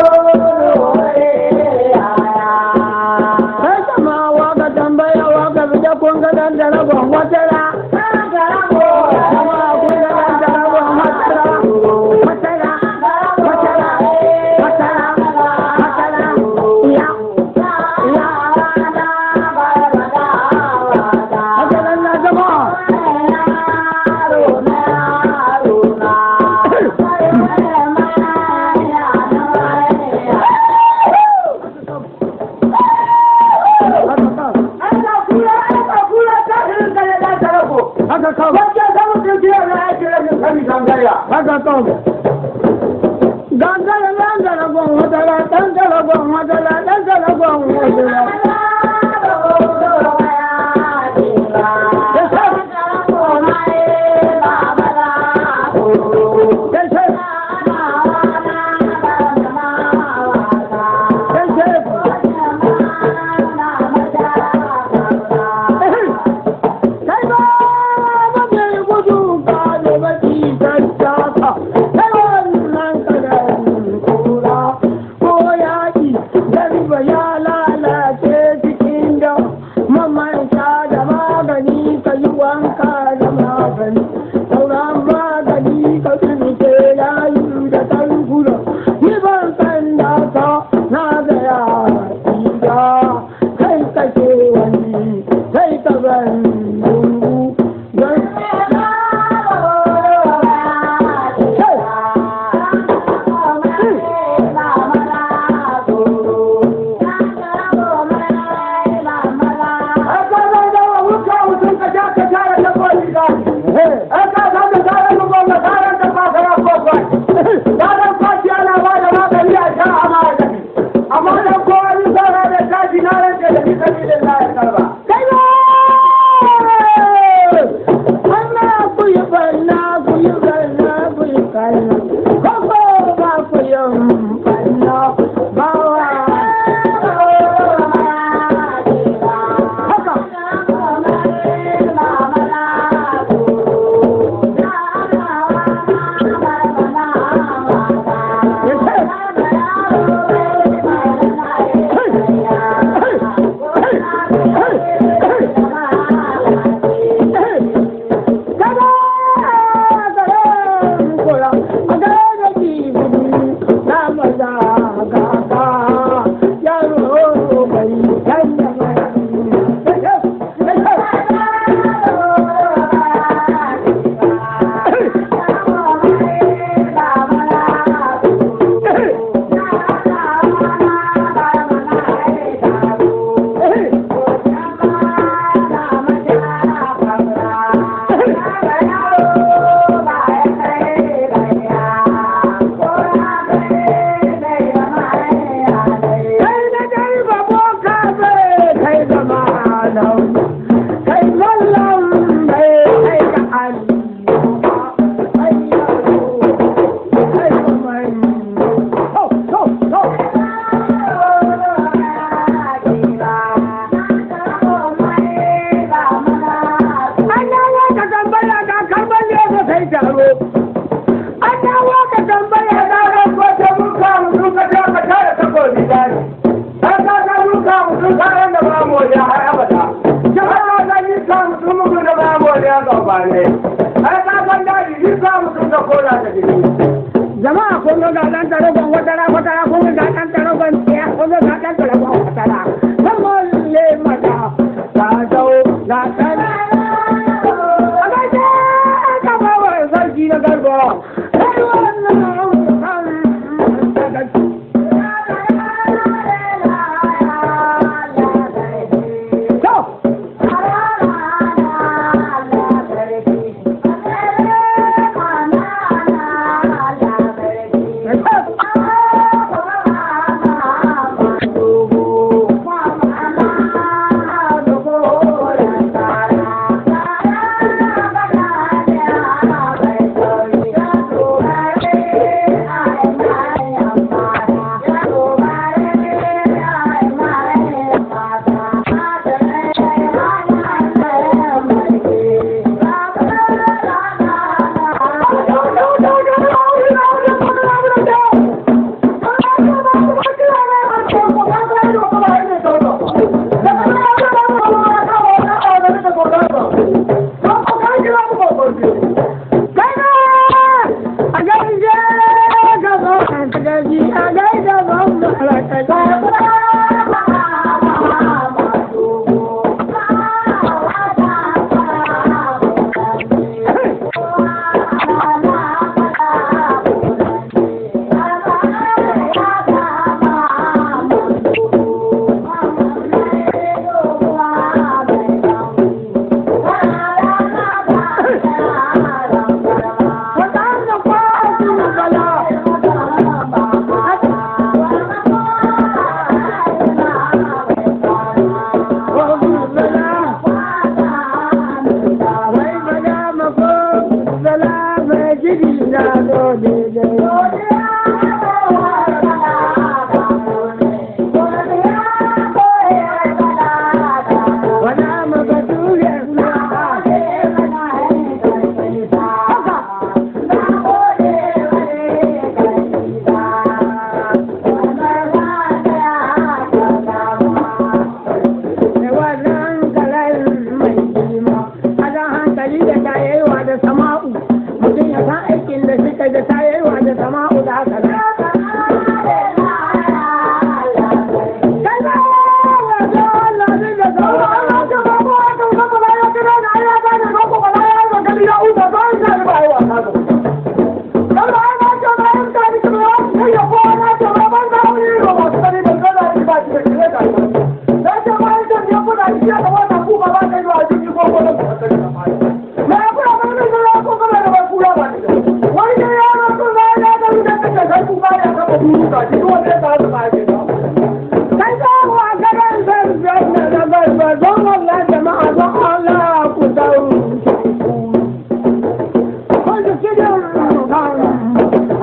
Oh, Father taro an dawo ka tambaya na ran wata mun kamu sun ka ta ka tara takobi dani an ka ta mun kamu sun ka ran da mamu wajen har abada jama'a na zan yi kamu sun mutu da ga wajen gabane an ka san daji yi kamu sun ka kola da jini jama'a ko ga dan tare ban wata ra wata ra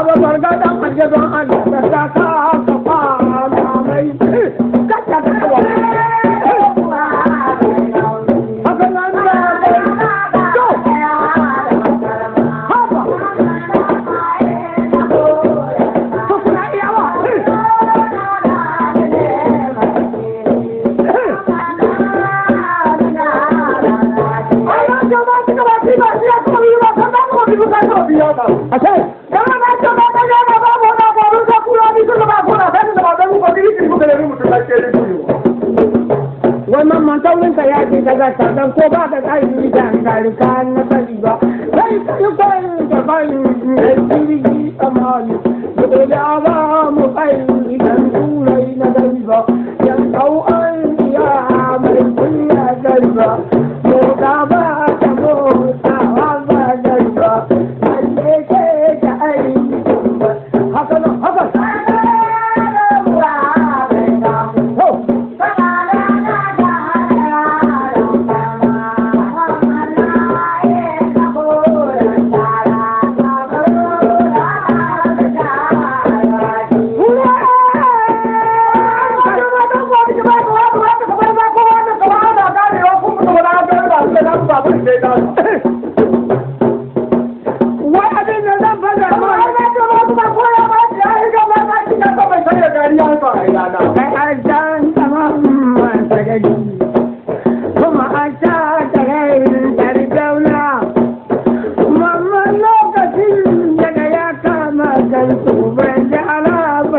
آءه بنگا دا پنجا دو آن تا تا Yoga, Yoga.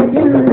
¡Gracias!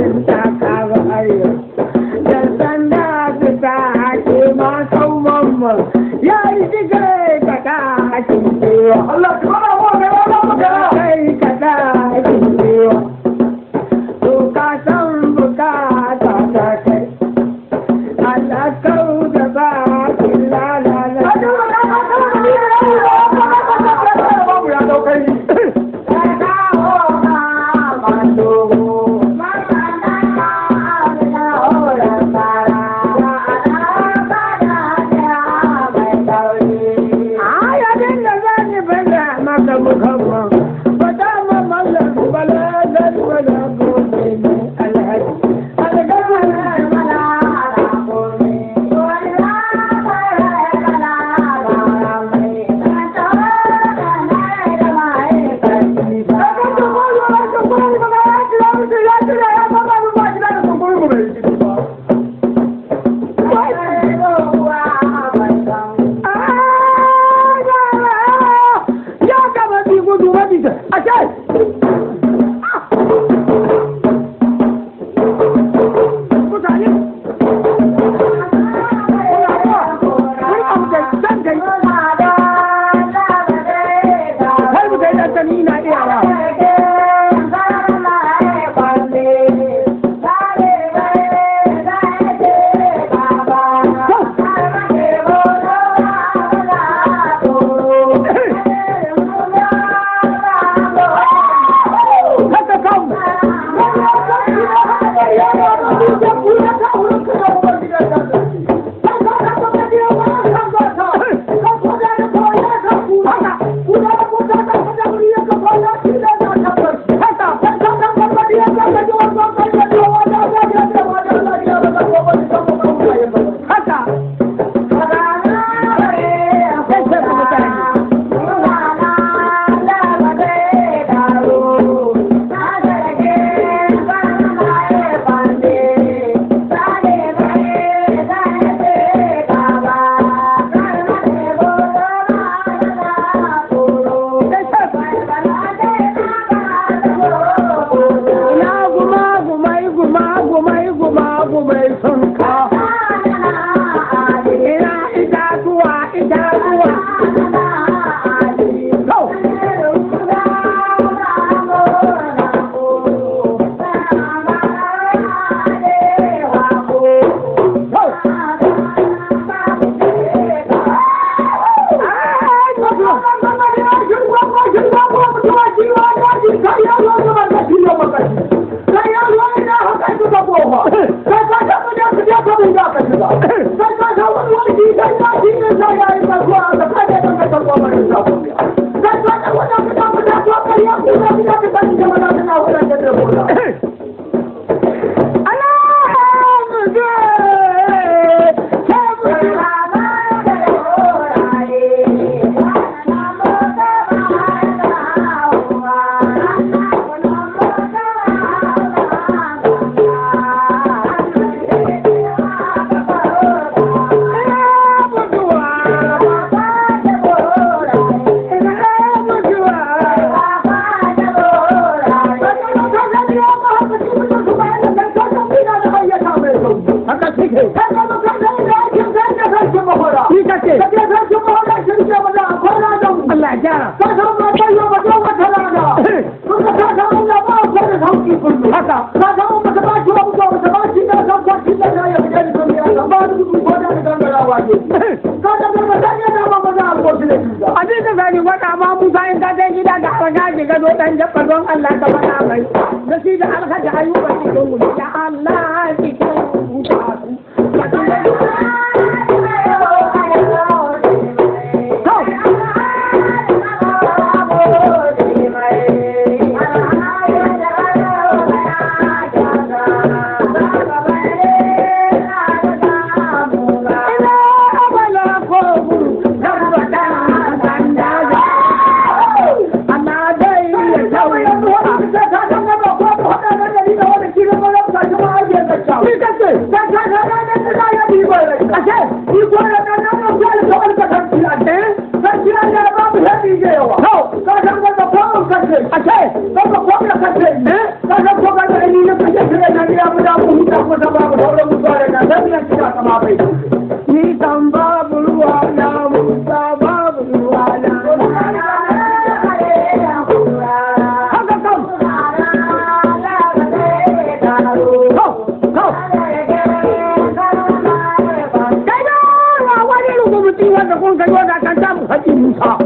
Musa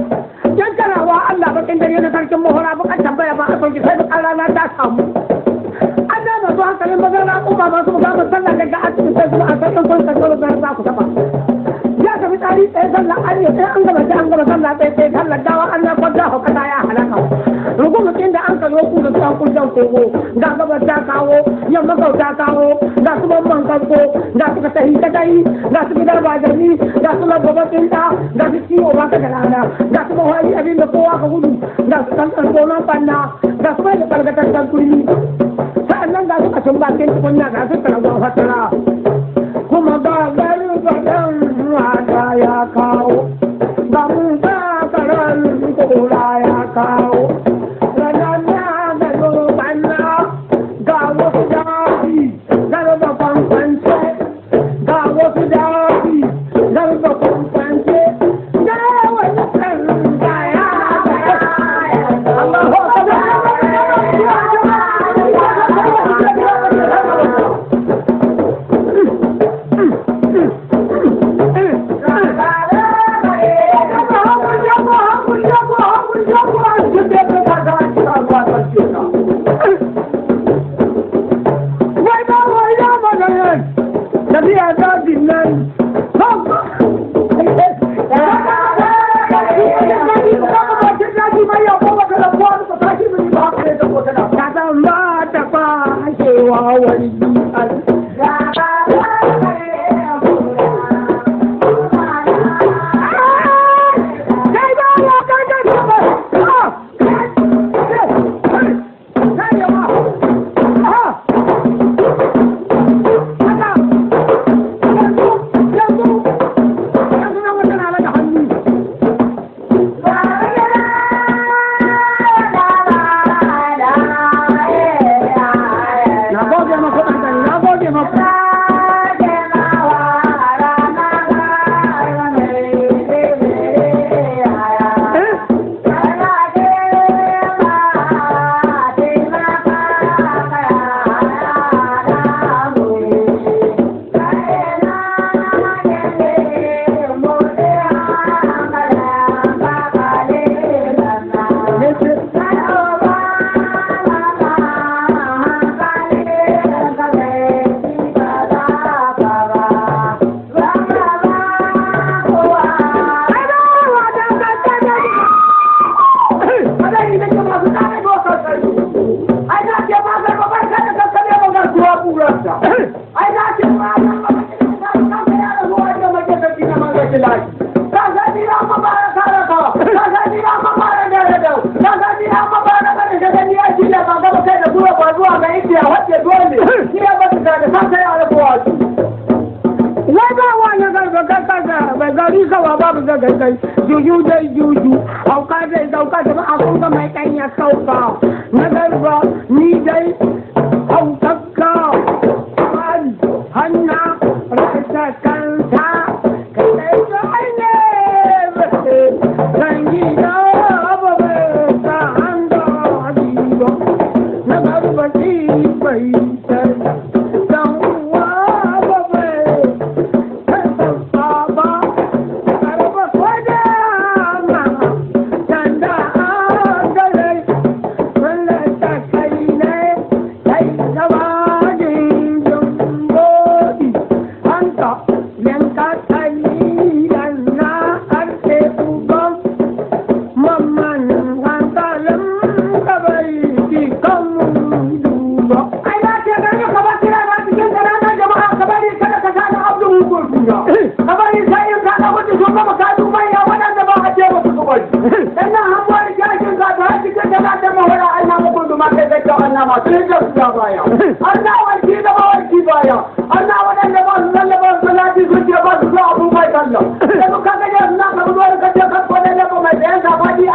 jankarawa Allah bakin dare na sarkin mahora bukan tambaya ba a sauki sai bukan rana ta samu an da masu hankalin bazar na kuma masu mukamin sallah daga asibiti sai kuma a sarkin sun ka dole zan ku taba ya tafi tsari tsaye sallah an yi an gaba sai an gaba sallah tsaye tsaye sallah arewa kudu kan kudan kogo ga gabas ta kawo yamma kau ta kawo ga su mamman kanko ga su tahi ta tahi ga su gidan bajarni ga su lagwabar tinta ga su ciwo ba ka da rana ga su mahayi abin da kowa ka gudu ga su kankan tsoron fanna ga su mai da ɓargatar kan turmi sa'annan ga su kashin bakin tukunya ga su taragon fatara kuma ba ahí.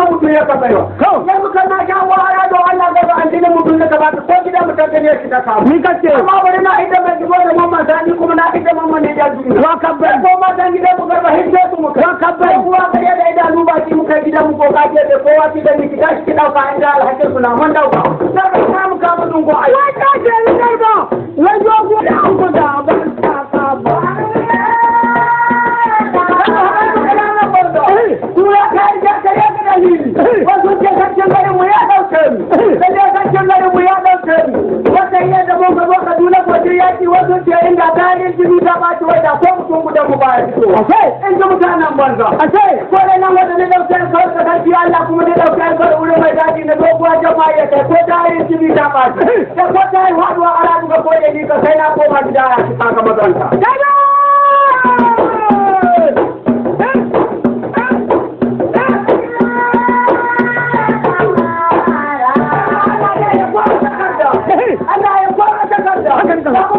addinin mutum ya kafa yau yanzu da Allah ga addinin mutum ne ka ko gidan mutum ne shiga ka ni kace amma bari na ida mai jibo da mamma kuma na ida mamma ne da juri wa kabbai ko ma gidan mu garba su ka kabbai da ida lu ba ki gidan mu ko ka je da ki da ni ki tashi ki dauka inda alhakin na man dauka sai ka samu ka mutun ko ai wai zuciya inda ta jini ta ɓaci wai da ko mutum guda mu baya fito. Ashe. In ji mutanen banza. Ashe. Ko dai nan wanda na ɗauke kawai ka sarki Allah kuma na ɗauke kawai wurin mai daji na doguwa jama'a ya kai ko ta yi jini ta ɓaci. Da ko ta yi haɗuwa a ratu ka koye ni ka sai na koma gida ya ci kaka mazanta. Daga! Allah ya kwara takarda. Allah ya kwara takarda.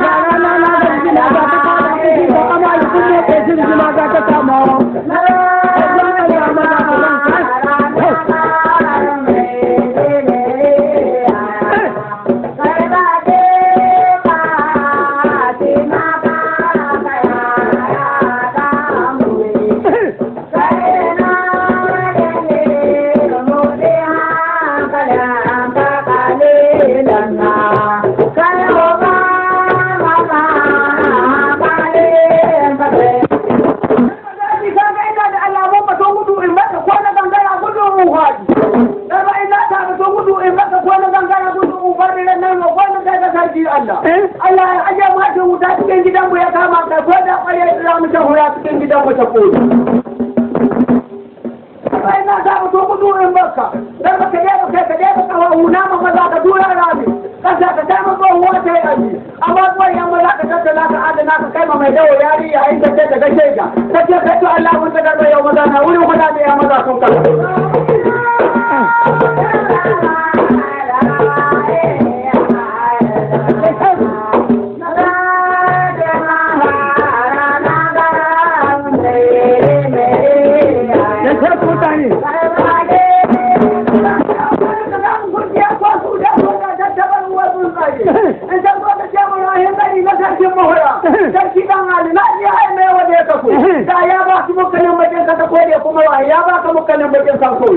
la la la la Allah ya aje mata wuta cikin gidan mu ya kama ta ko da a za mu ta hura cikin gidan mu ta koyi. Sai na za mu to kudu in barka, dan baka je baka ka je baka wa huna ma maza ka dura rami, kasa ka ta maka huwa ta yi aji, amma kuwa yan maza ka tattala ka adana ka kai ma mai dawo yari yayin da kai da gashe ka, kace kai to Allah mun ta garba yau maza na wurin kuɗa ne ya maza sun kalla. dukkanin bakin san so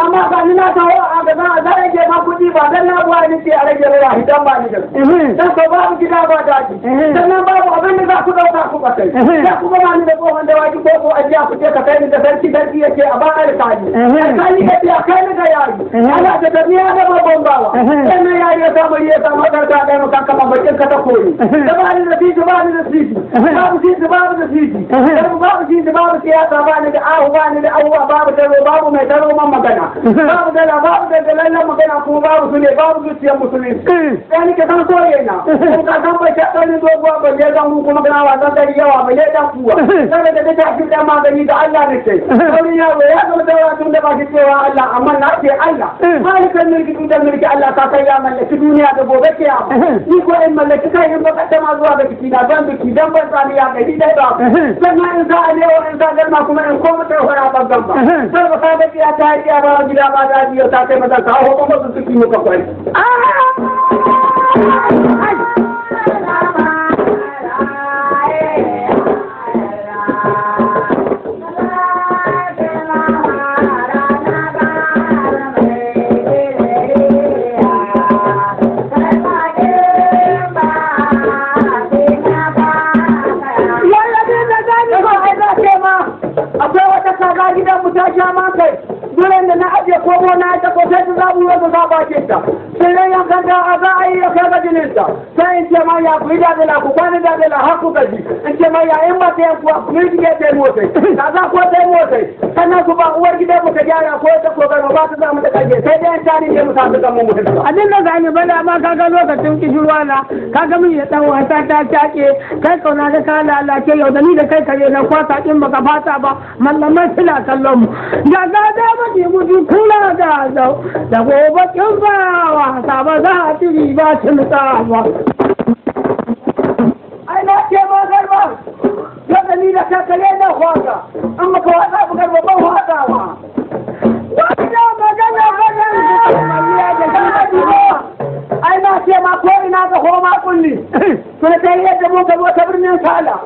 amma ga ni na kawo a za a zare ke ma kuɗi ba dan na buwa ni ke a rage raya idan ba ni da su dan ko babu gida ba daji sannan babu abin da za ku dauka ku ba kai ya kuma ba ni da tsohon da waki ko ko ajiya ku ce ka kai ni da sarki sarki yake a ba alƙali alƙali ka ce a kai ni da yari ana da tafiya da babban bawa sannan yari ya samu ya samu karka ɗaya mu kanka ba bakin ka ta koyi da ba ni da titi ba ni da titi babu titi babu da titi babu babu siyasa ba ni da ni da abubuwa babu aure babu mai daro man magana babu dala babu da dalallan magana kuma babu su ne babu zuciyar musulunci sai nake san so yana ko ka san ba ta ɗan doguwa ba ne dan kuma kana wasan gari yawa ba ne dan kuwa sai da ta fi dan magani da Allah ne kai saurin yaro ya zama da tun da ba ki cewa Allah amma na ce Allah malikan mulki tun da mulki Allah ta kai ya mallaki duniya da gobe ke ya ni ko in mallaki kai in baka tama zuwa ga biki na zan biki dan ban sami ya gari dai ba sannan in za a ne wa in za garma kuma in koma ta hora ban ba बसि कि चाहे कया बाज़ा जी तव्हां kwenda adai yakabatilisa sa ntema ya kuidabela kubanidabela hakukaji ntema ya imbateenkuwa kuidgetemosei kaza kuwatemosei sannan ku ba uwar gidan mu ka gyara ko ta kokaro ba ta zamu da kage sai dai tani ne mu sa kan mu mutu abin da gani ba da ma kaga lokacin kishirwa na kaga mun ya dan wasa ta take kai kauna ka ka lalace yau da ni da kai kare na ta din baka fata ba mallamai suna kallon mu ga ga da mu ji mu ji kula da zau da gobe kin ba wasa ba za a ba tin ta ba ai na ce ni da ka kare da hwaka in baka wasa na ce ma ko ina ga homa kulli to da kai yadda ka zo ta birnin sala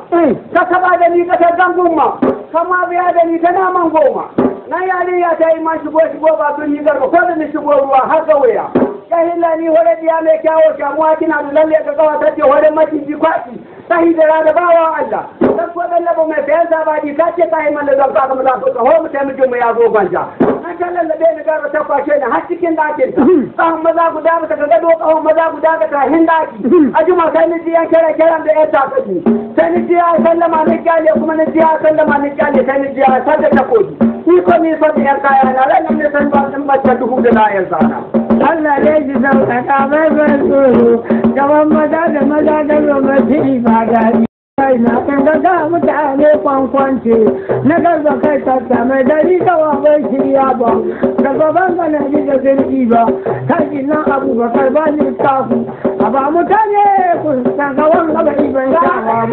ka saba da ni kasar zangun ma kama biya da ni ta naman goma nan yarinya ta yi ma shigo shigo ba sun garba ko da ni shigo ruwa haka wuya jahilla ni hore diya mai kyawo shamuwa kina da lalle ka kawa ta ce hore maciji kwaki sahi da rana ba wa Allah dan ko dan labo mai fayan zabadi di kace sahi yi mallaka ba ka mu ko ho mutai mijin mu ya zo gwanja an kallan da dai ga ta kwashe ne har cikin dakin ta hmm. maza guda ta ga gado ko maza guda ga ta hin daki hmm. juma sai ni ji an kare kare da ya ta kaji sai ni ji a sallama ne kyale kuma ni ji a sallama ne kyale sai ni ji a sallama ta koji ni ko ni so da yar kaya na ran ne san ba san ba ta duhu da na yan zana Allah dai ji sauƙaƙa mai ban tsoro gaban maza da maza da gwamnati ba daɗi. kaina in ga ga mutane kwankwance na garba kai tata mai dari kawa bai shirya ba daga ban ka na ji da zirgi ba kaji nan abubakar ba ni tafu a ba mutane ku san ga wanga ba iban shawa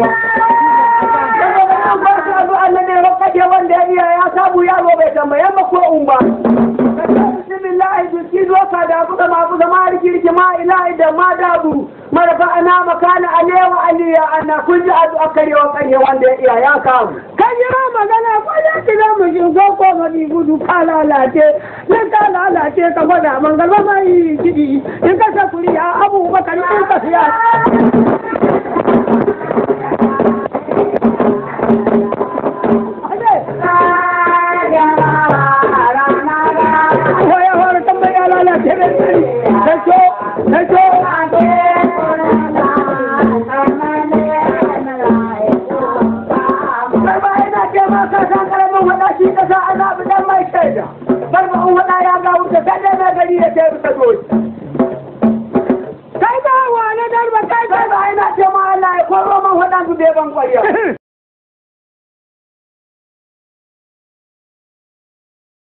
ba Annabi ya wanda ya iya ya samu yaro bai tambaye ba ko umba. bismillahi jiki doka da buga masu zama da kirki ma ilahi da ma dabu marafa ana makana alewa aliya ana kun ji azu akarewa kare wanda ya iya ya kamu kan yi magana ko ya ci za ko ma bi gudu ka lalace dan ta lalace ka gwada man galba mai kidi in ka sa kuriya abubakar in ka siya da kada na gari da ta rusa doji. kai ba wane na darba kai ba ina ce ma Allah ya koro man wadansu ya ban kwariya